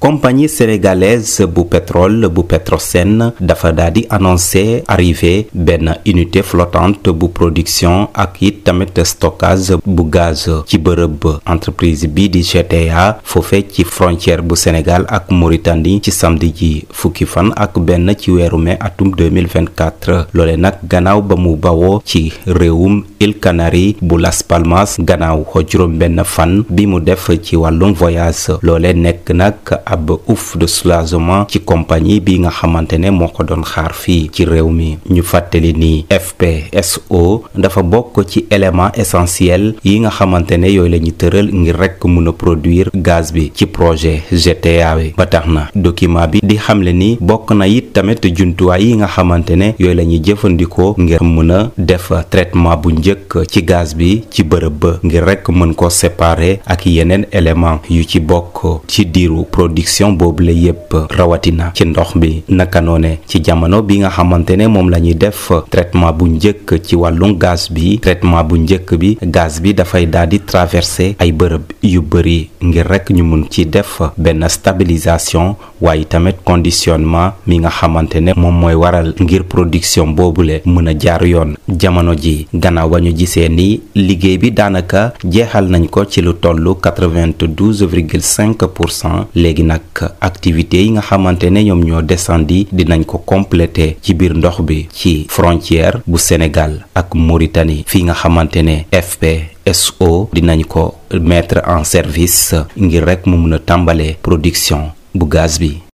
compagnie sénégalaise bu pétrole bu Petrosen dafa daal di annoncé arrivé benn unité flottante bu production ak it tamit stockage bu gaz ci bërëb entreprise bi di GTA foofe ci frontière bu Sénégal ak Mauritanie ci samedi ji fukki fan ak benn ci weeru mai atum 2024 loole nag gannaaw ba mu bawoo ci réewum Îles Canaries bu Las Palmas gannaaw juróom benn fan bi mu def ci wàllum voyage loole nekk nag ab ouf de soulagement ci compagnie bi nga xamante ne moo ko doon xaar fii ci réew mi ñu fàttali ni FPSO dafa bokk ci élément essentiel yi nga xamante ne yooyu la ñu tëral ngir rek mun a produire gaz bi ci projet GTA bi ba tax na document bi di xamle ni bokk na it tamit jumtuwaay yi nga xamante ne yooyu la ñuy jëfandikoo ngir mën a def traitement bu njëkk ci gaz bi ci bërëb ba ngir rek mën ko séparer ak yeneen élément yu ci bokk ci diiru produit production boobu la yépp rawatina ci ndox bi naka noone ci jamono bi nga xamante ne moom la ñuy def traitement bu njëkk ci wàllum gaz bi traitement bu njëkk bi gaz bi dafay daal di traverser ay bërëb yu bëri ngir rek ñu mun ci def benn stabilisation waaye tamit conditionnement mi nga xamante ne moom mooy waral ngir production boobule mën a jaar yoon jamono ji gannaaw ba ñu gisee ni liggéey bi daanaka jeexal nañ ko ci lu tollu 92,5 pour cent nag activités yi nga xamante ne ñoom ñoo descendi dinañ ko completé ci biir ndox bi ci frontière bu Sénégal ak Mauritanie fi nga xamante ne FPSO dinañ ko mettre en service ngir rek mu mun a tàmbalee production bu gaz bi